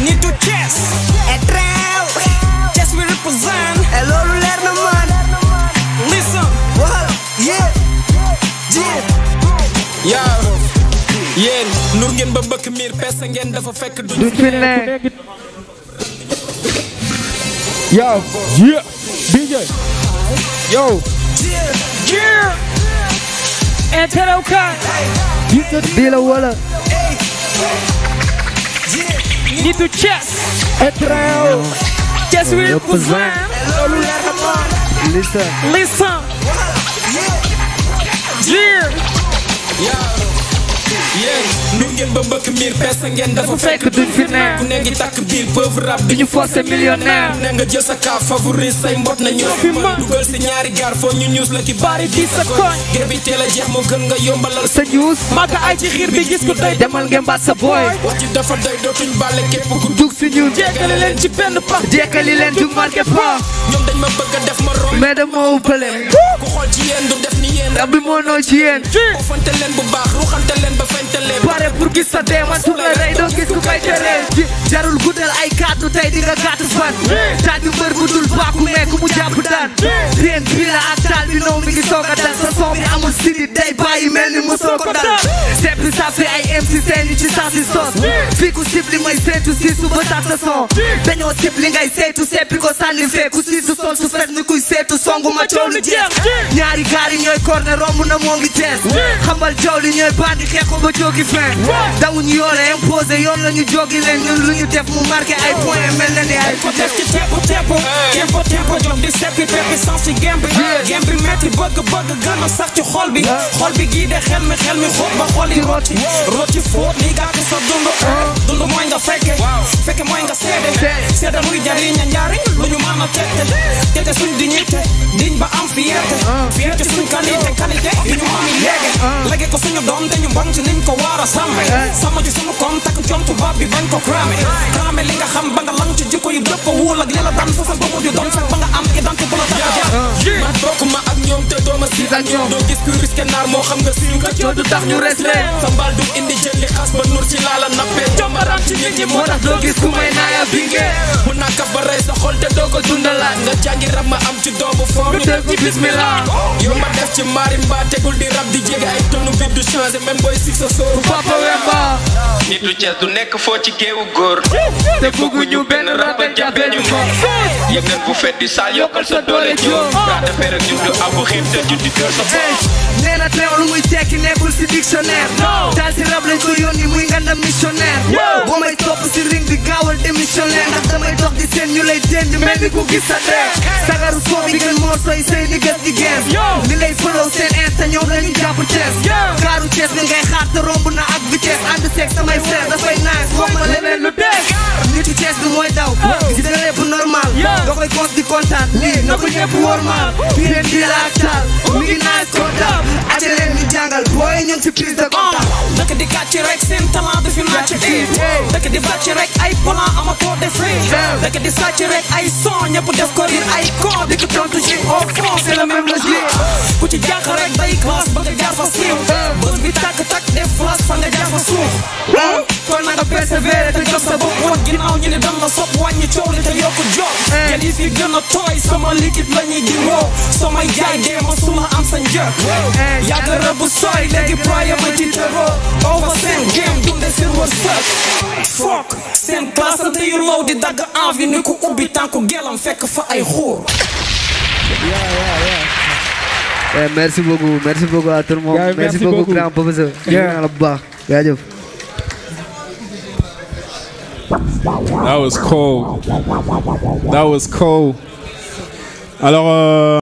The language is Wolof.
nit u Thiès et réew Thiès we represent et loolu leer na man yaa yéen nur ngeen ba mbëkk miir ngeen dafa fekk du ci nekk yow yeah DJ yow yeah et terew ka wala nitu Thiès. Etrao. Thiès wi cousin. loolu leer na ma. listen. listen. Yeah. yéen nur ngeen ba mbëkk miir peese ngeen dafa fekk duñ fi ne ku ne takk biir pauvre rab bi ñu forcé nga jël sa kaa favorise say mbot na ñoo dugal si ñaari gaar foo ñu ñuus la ki bari di sa koñ ngir bi teel a jeex moo gën nga yombalal sa ñuus a ay ci xiir bi gis ko tey demal ngeen baat sa booy wax ji dafa doy dootuñ bàlle képp ku dug si ñun jekkali leen ci benn pax jekkali leen du marqué ñoom dañ ma bëgg a def ma rom mais dama ëppale xool ci yéen du def ni yéen rab bi moo noo ci yéen bu fante leen bu baax ruxante leen ba fente leen pare pour gis sa dee man suuf la day doo gis ku koy teleen jarul guddal ay kàddu tey di nga gàtt fan taaj bi mbër bu dul baaku meeku mu jàpp daan teen bi la ak taal bi noo mi ngi soog a dal sa soom bi amul sidit day bàyyi mel ni mu soog a dal sepp sa fi ay them si seen ci saa si sos fii ku sib li may seetu li ngay seetu seppi ko sànni fee ku siisu su fet ni kuy seetu songu ma coow lu jeex ñaari gaari ñooy corne romb na moo ngi jeex xamal joow li ñooy bandi xeexu ba jógi fin dawuñ yoole imposé yoon la ñu jógi leen ñun lu ñu def mu marqué ay a mel na ni ay ko bi gem bëgg bëgg gën a sax ci xol bi xol bi gii de xel mi xel mi xool ba xol yi rotti daf ci fóot lii gaa ki sa dund dund mooy nga fekke fekke mooy nga seede seede muy jariña njariñ lu ñu maam a tette tette suñ dignité diñ ba am fierté fierté suñ qualité qualité yu ñu maam yi léegi léegi ko suñu doom dañu bon ci niñ ko war a sàmme sàmm ci suñu koom takk jom tubaab bi bañ ko cramé cramé li nga xam ba nga lang ci jikko yu dëpp wuul ak li la daan sa sa bopp di doon fekk ba nga am identité la tax a jaar ma bokk ma ak ñoom xaar moo xam nga siiw nga coow tax ñu respect sa mbaal du indi jël li xas ba nur ci laa la nappee jàmbaraam ci nit ñi moo tax doo gis ku may a binge mun naa kaf ba rey sa xol te doo ko dundalaat nga jàngi rab ma am ci doobu foo ñu def ci bismillah yow ma def ci maari mbaa di rab di jege ay tonu bi du changé même booy sig sa sóoru papa wemba nitu Cees du nekk foo ci géewu góor te bëgguñu benn rab jàppeñu yëngal bu fet di saal yokkal sa doole joom raata fer ak juddu abu xiif juddu joor sa bopp nee na teew lu muy tekki nekkul si dictionnaire taal si rab lañ ko yónni muy ngandam missionnaire boo may topp si awal dem Michelin a damay dox di seen ñu lay dénd mel ni ku gis sa dee sagaru soo bi gën moo sooy sëy ni gës di gees li lay fëlaw seen insta ñoom dañu jàpp Thiès kaaru Thiès bi ngay xaar te romb na ak vitesse ànd seeg samay frère dafay nice wax ma leneen lu dees nitu Thiès mooy daw gis na lépp normal nga koy cons di kontaan lii na ko ñëpp normal fii leen di laaj taal mi ngi nice kontaan ajaleen ñu jàngal booy ñun ci prise de di kàcc rek seen talent du fi naaj eh dëkk di bàcc rek ay plan amatoo def rek dëkk di sàcc rek ay son ñëpp def ko riir ay con di ko tontu ci au fond c'est le même logique ku ci jàq rek day classe ba nga jaar fa siiw bës bi tàkk tàkk def flash fa nga jaar fa suuf kon na nga persévérer te jox sa bopp woon ginnaaw ñu ne dama sopp wàññi coow li te yokku jox yéen yi fi gën a tooy sama liquide la ñuy di woo samay jaay dee ma suma am sa njëkk yàgg rëbb sooy léegi proye ma ci tëroo yokk seen classante yu law di dagg envie ni ko ubbi tànku gelam fekk fa ay xuur Eh, merci beaucoup merci beaucoup à tout le monde yeah, merci, merci beaucoup, beaucoup grand professeur. Yeah. That was cool. That was cool. Alors. Euh